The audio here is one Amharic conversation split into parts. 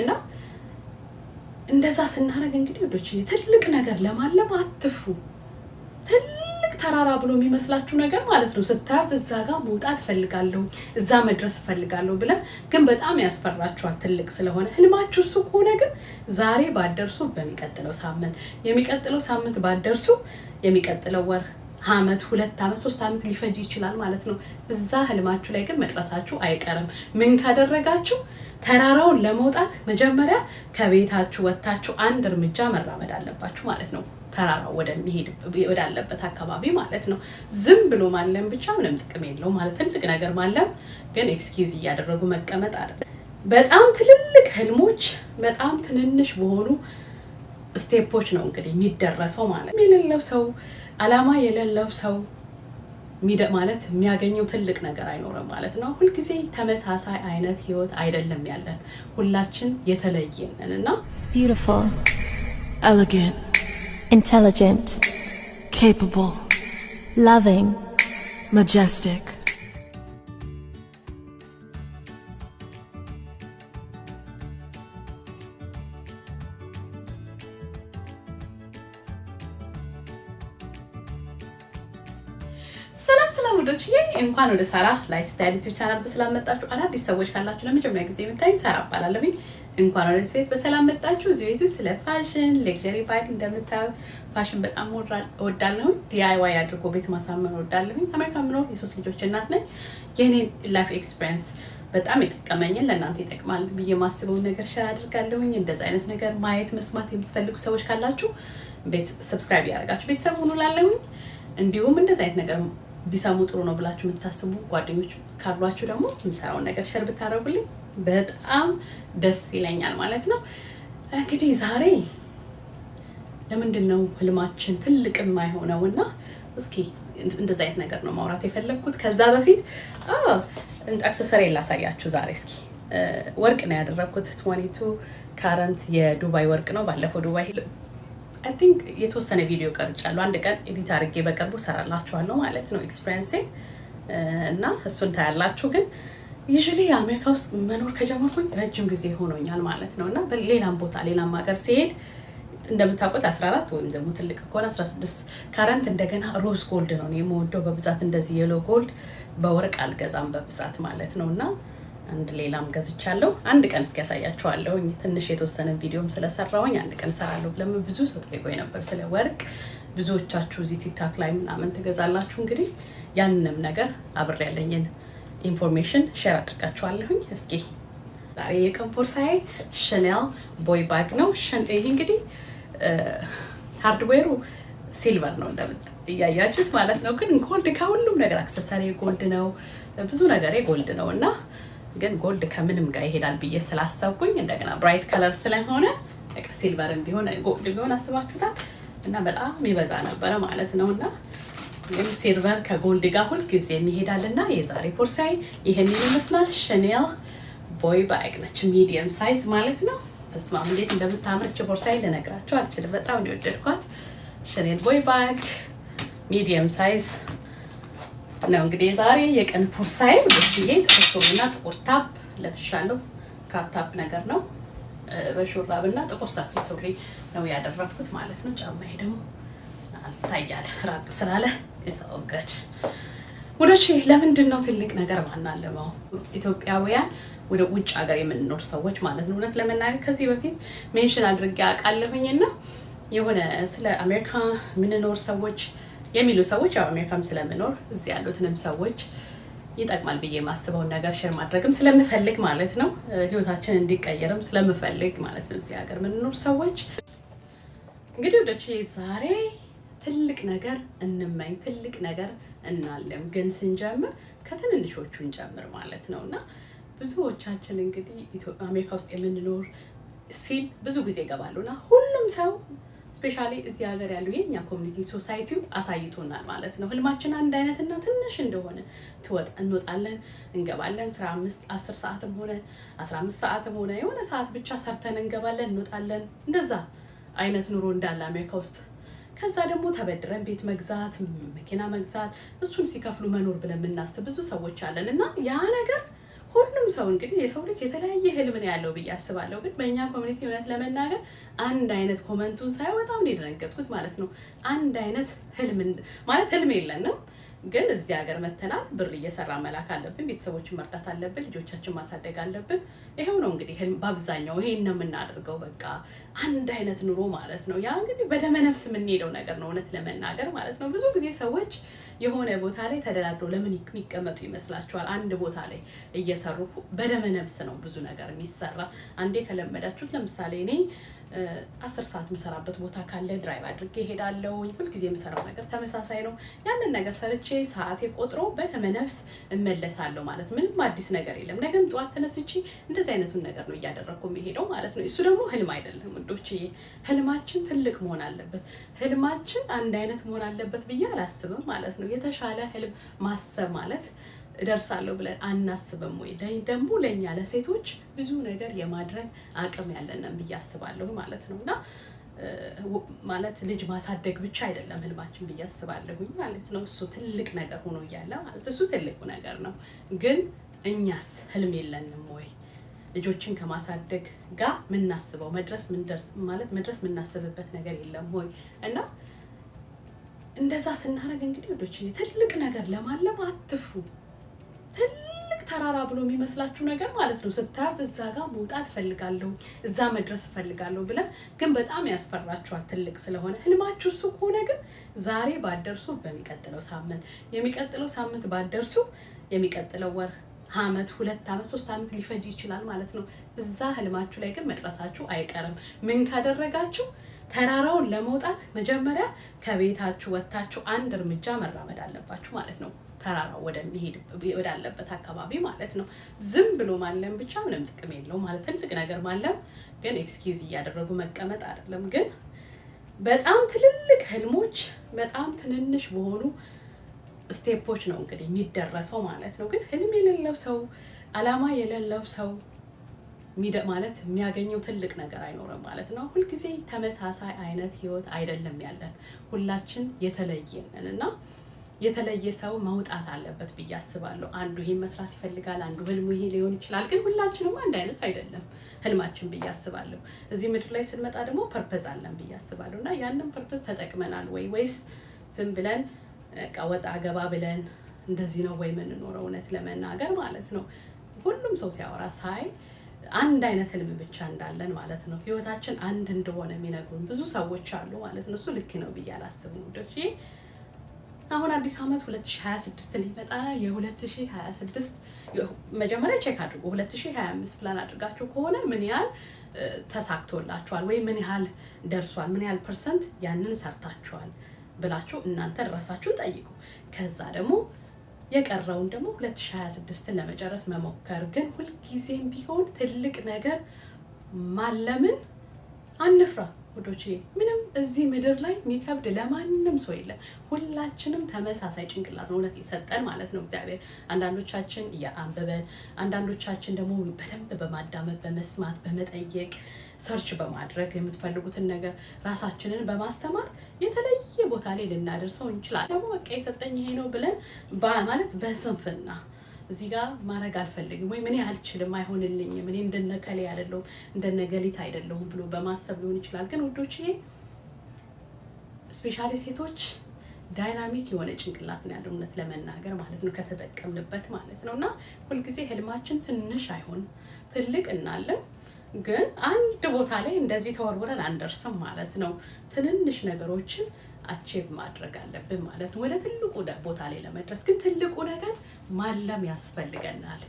እና እንደዛ ስናደርግ እንግዲህ ወዶች ትልቅ ነገር ለማለም አትፉ። ትልቅ ተራራ ብሎ የሚመስላችሁ ነገር ማለት ነው ስታዩት እዛ ጋር መውጣት እፈልጋለሁ፣ እዛ መድረስ እፈልጋለሁ ብለን ግን በጣም ያስፈራችኋል ትልቅ ስለሆነ። ህልማችሁ እሱ ከሆነ ግን ዛሬ ባደርሱ በሚቀጥለው ሳምንት፣ የሚቀጥለው ሳምንት ባደርሱ የሚቀጥለው ወር አመት ሁለት አመት ሶስት አመት ሊፈጅ ይችላል ማለት ነው። እዛ ህልማችሁ ላይ ግን መድረሳችሁ አይቀርም። ምን ካደረጋችሁ ተራራውን ለመውጣት መጀመሪያ ከቤታችሁ ወጥታችሁ አንድ እርምጃ መራመድ አለባችሁ ማለት ነው። ተራራው ወደሚሄድ ወዳለበት አካባቢ ማለት ነው። ዝም ብሎ ማለም ብቻ ምንም ጥቅም የለው ማለት ትልቅ ነገር ማለም ግን ኤክስኪዝ እያደረጉ መቀመጥ አለ። በጣም ትልልቅ ህልሞች በጣም ትንንሽ በሆኑ ስቴፖች ነው እንግዲህ የሚደረሰው ማለት የሌለው ሰው አላማ የሌለው ሰው ሚደ ማለት የሚያገኘው ትልቅ ነገር አይኖርም ማለት ነው። ሁልጊዜ ተመሳሳይ አይነት ህይወት አይደለም ያለን፣ ሁላችን የተለየ እና beautiful, elegant, intelligent, capable, loving, majestic ሰላም ሰላም ወዶች እንኳን ወደ ሳራ ላይፍ ስታይል ዩቲዩብ ቻናል በሰላም መጣችሁ። አዳዲስ ሰዎች ካላችሁ ለመጀመሪያ ጊዜ የምታዩኝ ሳራ እባላለሁኝ። እንኳን ወደ ቤት በሰላም መጣችሁ። እዚህ ቤት ስለ ፋሽን፣ ሌክዠሪ ባግ እንደምታዩ ፋሽን በጣም እወዳለሁ። ዲአይዋይ አድርጎ ቤት ማሳመር እወዳለሁ። አሜሪካ ምኖር የሶስት ልጆች እናት ነኝ። የኔን ላይፍ ኤክስፒሪየንስ በጣም የጠቀመኝን ለእናንተ ይጠቅማል ብዬ ማስበውን ነገር ሸር አድርጋለሁኝ። እንደዚ አይነት ነገር ማየት መስማት የምትፈልጉ ሰዎች ካላችሁ ቤት ሰብስክራይብ ያደርጋችሁ ቤተሰብ ሁኑ ላለሁኝ። እንዲሁም እንደዚ አይነት ነገር ቢሰሙ ጥሩ ነው ብላችሁ የምታስቡ ጓደኞች ካሏችሁ ደግሞ የምሰራውን ነገር ሸር ብታደርጉልኝ በጣም ደስ ይለኛል ማለት ነው። እንግዲህ ዛሬ ለምንድን ነው ህልማችን ትልቅ የማይሆነው እና እስኪ እንደዚ አይነት ነገር ነው ማውራት የፈለግኩት። ከዛ በፊት አክሰሰሪ ላሳያችሁ ዛሬ እስኪ። ወርቅ ነው ያደረግኩት። ትዌንቲ ካረንት የዱባይ ወርቅ ነው። ባለፈው ዱባይ አይ ቲንክ የተወሰነ ቪዲዮ ቀርጫለሁ። አንድ ቀን ኤዲት አድርጌ በቅርቡ ሰራላችኋለሁ ማለት ነው ኤክስፒሪየንሴ እና እሱን ታያላችሁ። ግን ዩዥሊ አሜሪካ ውስጥ መኖር ከጀመርኩኝ ረጅም ጊዜ ሆኖኛል ማለት ነው እና ሌላም ቦታ ሌላም ሀገር ሲሄድ እንደምታውቁት 14 ወይም ደግሞ ትልቅ ከሆነ 16 ካረንት እንደገና ሮዝ ጎልድ ነው የምወደው በብዛት እንደዚህ የሎ ጎልድ በወርቅ አልገዛም በብዛት ማለት ነው እና አንድ ሌላም ገዝቻለሁ። አንድ ቀን እስኪ ያሳያችኋለሁኝ። ትንሽ የተወሰነ ቪዲዮም ስለሰራሁኝ አንድ ቀን ሰራለሁ። ለምን ብዙ ሰው ጠይቆኝ ነበር ስለ ወርቅ። ብዙዎቻችሁ እዚህ ቲክታክ ላይ ምናምን ትገዛላችሁ። እንግዲህ ያንንም ነገር አብሬ ያለኝን ኢንፎርሜሽን ሼር አድርጋችኋለሁኝ። እስኪ ዛሬ የቀን ቦርሳዬ ሸኔል ቦይ ባግ ነው። ይህ እንግዲህ ሃርድዌሩ ሲልቨር ነው እንደምት እያያችሁት ማለት ነው። ግን ጎልድ ከሁሉም ነገር አክሰሰሪ ጎልድ ነው። ብዙ ነገር ጎልድ ነው እና ግን ጎልድ ከምንም ጋር ይሄዳል ብዬ ስላሰብኩኝ እንደገና ብራይት ከለር ስለሆነ ሲልቨርም ቢሆን ጎልድ ቢሆን አስባችሁታል እና በጣም ይበዛ ነበረ ማለት ነው እና ግን ሲልቨር ከጎልድ ጋር ሁልጊዜ የሚሄዳል እና የዛሬ ቦርሳዬ ይህንን ይመስላል። ሸኔል ቦይ ባግ ነች፣ ሚዲየም ሳይዝ ማለት ነው። በስመ እንዴት እንደምታምርች ቦርሳይ ልነግራችሁ አልችልም። በጣም ሊወደድኳት ሸኔል ቦይ ባግ ሚዲየም ሳይዝ ነው እንግዲህ ዛሬ የቀን ቦርሳዬ ብዬ ጥቁር እና ጥቁር ታፕ ለብሻለሁ። ክራፕ ታፕ ነገር ነው። በሹራብና ጥቁር ሰፊ ሱሪ ነው ያደረኩት ማለት ነው። ጫማዬ ደግሞ አልታያል ራቅ ስላለ የተወገድ ወደች። ለምንድን ነው ትልቅ ነገር ማናለመው? ኢትዮጵያውያን ወደ ውጭ ሀገር የምንኖር ሰዎች ማለት ነው። እውነት ለመናገር ከዚህ በፊት ሜንሽን አድርጌ አውቃለሁኝና የሆነ ስለ አሜሪካ የምንኖር ሰዎች የሚሉ ሰዎች ያው አሜሪካም ስለምኖር እዚህ ያሉትንም ሰዎች ይጠቅማል ብዬ የማስበውን ነገር ሼር ማድረግም ስለምፈልግ ማለት ነው። ህይወታችን እንዲቀየርም ስለምፈልግ ማለት ነው። እዚህ ሀገር የምንኖር ሰዎች እንግዲህ ወደች ዛሬ ትልቅ ነገር እንመኝ፣ ትልቅ ነገር እናለም፣ ግን ስንጀምር ከትንንሾቹ እንጀምር ማለት ነው እና ብዙዎቻችን እንግዲህ አሜሪካ ውስጥ የምንኖር ሲል ብዙ ጊዜ ይገባሉና ሁሉም ሰው ስፔሻሊ እዚህ ሀገር ያለው የኛ ኮሚኒቲ ሶሳይቲው አሳይቶናል ማለት ነው። ህልማችን አንድ አይነትና ትንሽ እንደሆነ ትወጥ እንወጣለን፣ እንገባለን ስራ አምስት አስር ሰዓትም ሆነ አስራ አምስት ሰዓትም ሆነ የሆነ ሰዓት ብቻ ሰርተን እንገባለን፣ እንወጣለን። እንደዛ አይነት ኑሮ እንዳለ አሜሪካ ውስጥ ከዛ ደግሞ ተበድረን ቤት መግዛት፣ መኪና መግዛት፣ እሱን ሲከፍሉ መኖር ብለን የምናስብ ብዙ ሰዎች አለን እና ያ ነገር ሁሉም ሰው እንግዲህ የሰው ልጅ የተለያየ ህልም ነው ያለው ብዬ አስባለሁ። ግን በእኛ ኮሚኒቲ እውነት ለመናገር አንድ አይነት ኮመንቱን ሳይ በጣም ነው ማለት ነው። አንድ አይነት ህልም ማለት ህልም የለንም ግን እዚህ ሀገር መተናል ብር እየሰራ መላክ አለብን፣ ቤተሰቦችን መርዳት አለብን፣ ልጆቻችን ማሳደግ አለብን። ይሄው ነው እንግዲህ በአብዛኛው ይሄን ነው የምናደርገው። በቃ አንድ አይነት ኑሮ ማለት ነው። ያ እንግዲህ በደመነፍስ የምንሄደው ነገር ነው እውነት ለመናገር ማለት ነው። ብዙ ጊዜ ሰዎች የሆነ ቦታ ላይ ተደላድረው ለምን የሚቀመጡ ይመስላችኋል? አንድ ቦታ ላይ እየሰሩ በደመነፍስ ነው ብዙ ነገር የሚሰራ። አንዴ ከለመዳችሁት ለምሳሌ እኔ አስር ሰዓት የምሰራበት ቦታ ካለ ድራይቭ አድርጌ እሄዳለሁ። ሁልጊዜ የምሰራው ነገር ተመሳሳይ ነው። ያንን ነገር ሰርቼ ሰዓቴ ቆጥሮ በደመነፍስ እመለሳለሁ ማለት ምንም አዲስ ነገር የለም። ነገም ጠዋት ተነስቼ እንደዚህ አይነቱን ነገር ነው እያደረግኩ የሚሄደው ማለት ነው። እሱ ደግሞ ህልም አይደለም ውዶች። ህልማችን ትልቅ መሆን አለበት። ህልማችን አንድ አይነት መሆን አለበት ብዬ አላስብም ማለት ነው። የተሻለ ህልም ማሰብ ማለት እደርሳለሁ ብለን አናስብም ወይ? ደግሞ ለእኛ ለሴቶች ብዙ ነገር የማድረግ አቅም ያለንም ብዬ አስባለሁ ማለት ነው እና ማለት ልጅ ማሳደግ ብቻ አይደለም ህልማችን ብዬ አስባለሁኝ ማለት ነው። እሱ ትልቅ ነገር ሆኖ እያለ ማለት እሱ ትልቁ ነገር ነው። ግን እኛስ ህልም የለንም ወይ? ልጆችን ከማሳደግ ጋር የምናስበው መድረስ ማለት መድረስ የምናስብበት ነገር የለም ወይ? እና እንደዛ ስናደርግ እንግዲህ ወዶች ትልቅ ነገር ለማለም አትፉ ተራራ ብሎ የሚመስላችሁ ነገር ማለት ነው ስታዩት፣ እዛ ጋር መውጣት እፈልጋለሁ፣ እዛ መድረስ እፈልጋለሁ ብለን ግን በጣም ያስፈራችኋል ትልቅ ስለሆነ። ህልማችሁ እሱ ከሆነ ግን ዛሬ ባደርሱ በሚቀጥለው ሳምንት የሚቀጥለው ሳምንት ባደርሱ የሚቀጥለው ወር አመት ሁለት አመት ሶስት አመት ሊፈጅ ይችላል ማለት ነው። እዛ ህልማችሁ ላይ ግን መድረሳችሁ አይቀርም። ምን ካደረጋችሁ ተራራውን ለመውጣት መጀመሪያ ከቤታችሁ ወጥታችሁ አንድ እርምጃ መራመድ አለባችሁ ማለት ነው። ተራራው ወደሚሄድ ወዳለበት አካባቢ ማለት ነው። ዝም ብሎ ማለም ብቻ ምንም ጥቅም የለው ማለት ትልቅ ነገር ማለም ግን ኤክስኪዝ እያደረጉ መቀመጥ አይደለም። ግን በጣም ትልልቅ ህልሞች በጣም ትንንሽ በሆኑ ስቴፖች ነው እንግዲህ የሚደረሰው ማለት ነው። ግን ህልም የሌለው ሰው አላማ የሌለው ሰው ማለት የሚያገኘው ትልቅ ነገር አይኖርም ማለት ነው። ሁልጊዜ ተመሳሳይ አይነት ህይወት አይደለም ያለን፣ ሁላችን የተለየንን እና የተለየ ሰው መውጣት አለበት ብዬ አስባለሁ። አንዱ ይሄን መስራት ይፈልጋል፣ አንዱ ህልሙ ይሄ ሊሆን ይችላል። ግን ሁላችንም አንድ አይነት አይደለም ህልማችን ብዬ አስባለሁ። እዚህ ምድር ላይ ስንመጣ ደግሞ ፐርፐዝ አለን ብዬ አስባለሁ እና ያንን ፐርፐዝ ተጠቅመናል ወይ ወይስ ዝም ብለን ቀወጣ ገባ ብለን እንደዚህ ነው ወይ የምንኖረው? እውነት ለመናገር ማለት ነው ሁሉም ሰው ሲያወራ ሳይ አንድ አይነት ህልም ብቻ እንዳለን ማለት ነው ህይወታችን አንድ እንደሆነ የሚነግሩን ብዙ ሰዎች አሉ ማለት ነው። እሱ ልክ ነው ብዬ አላስብም። አሁን አዲስ ዓመት 2026 ሊመጣ የ2026 መጀመሪያ ቼክ አድርጉ። 2025 ፕላን አድርጋችሁ ከሆነ ምን ያህል ተሳክቶላችኋል ወይም ምን ያህል ደርሷል፣ ምን ያህል ፐርሰንት ያንን ሰርታችኋል ብላችሁ እናንተ ራሳችሁን ጠይቁ። ከዛ ደግሞ የቀረውን ደግሞ 2026ን ለመጨረስ መሞከር። ግን ሁልጊዜም ቢሆን ትልቅ ነገር ማለምን አንፍራ። ወዶቼ ምንም እዚህ ምድር ላይ የሚከብድ ለማንም ሰው የለም። ሁላችንም ተመሳሳይ ጭንቅላት ነው እውነት የሰጠን ማለት ነው እግዚአብሔር። አንዳንዶቻችን እያአንብበን፣ አንዳንዶቻችን ደግሞ በደንብ በማዳመጥ በመስማት በመጠየቅ ሰርች በማድረግ የምትፈልጉትን ነገር ራሳችንን በማስተማር የተለየ ቦታ ላይ ልናደርሰው እንችላለን። ደግሞ በቃ የሰጠኝ ይሄ ነው ብለን ማለት በስንፍና እዚህ ጋር ማድረግ አልፈልግም ወይም እኔ አልችልም፣ አይሆንልኝም፣ እኔ እንደነከሌ አይደለሁም እንደነገሊት አይደለሁም ብሎ በማሰብ ሊሆን ይችላል። ግን ውዶች ይሄ ስፔሻሊ ሴቶች ዳይናሚክ የሆነ ጭንቅላት ነው ያለው እውነት ለመናገር ማለት ነው ከተጠቀምንበት ማለት ነው። እና ሁልጊዜ ህልማችን ትንሽ አይሆን ትልቅ እናለን ግን አንድ ቦታ ላይ እንደዚህ ተወርውረን አንደርስም ማለት ነው። ትንንሽ ነገሮችን አቼቭ ማድረግ አለብን ማለት ነው። ወደ ትልቁ ቦታ ላይ ለመድረስ ግን ትልቁ ነገር ማለም ያስፈልገናል።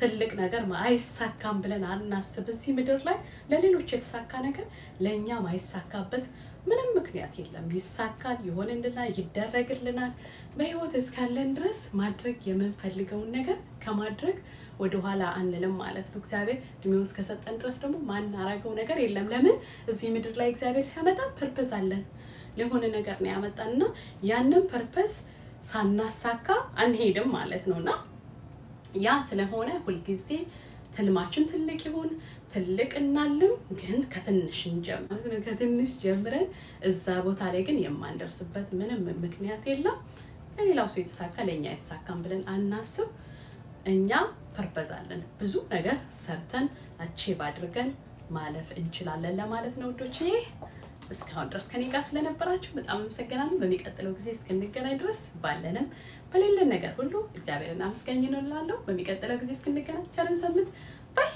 ትልቅ ነገር አይሳካም ብለን አናስብ። እዚህ ምድር ላይ ለሌሎች የተሳካ ነገር ለእኛም አይሳካበት ምንም ምክንያት የለም። ይሳካል፣ ይሆንልናል፣ ይደረግልናል። በህይወት እስካለን ድረስ ማድረግ የምንፈልገውን ነገር ከማድረግ ወደኋላ አንልም ማለት ነው። እግዚአብሔር እድሜው እስከሰጠን ድረስ ደግሞ ማናረገው ነገር የለም። ለምን እዚህ ምድር ላይ እግዚአብሔር ሲያመጣ ፐርፐዝ አለን። ሊሆነ ነገር ነው ያመጣን ያንን ፐርፐዝ ሳናሳካ አንሄድም ማለት ነው እና ያ ስለሆነ ሁልጊዜ ትልማችን ትልቅ ይሁን ትልቅ እናልም፣ ግን ከትንሽ እንጀምር። ከትንሽ ጀምረን እዛ ቦታ ላይ ግን የማንደርስበት ምንም ምክንያት የለም። ለሌላው ሰው የተሳካ ለእኛ አይሳካም ብለን አናስብ እኛ ፐርፐዝ አለን። ብዙ ነገር ሰርተን አቺቭ አድርገን ማለፍ እንችላለን ለማለት ነው ውዶቼ። እስካሁን ድረስ ከኔ ጋር ስለነበራችሁ በጣም አመሰግናለሁ። በሚቀጥለው ጊዜ እስክንገናኝ ድረስ ባለንም በሌለን ነገር ሁሉ እግዚአብሔርን አመስገኝ እንላለሁ። በሚቀጥለው ጊዜ እስክንገናኝ ቻለን ሰምት ባይ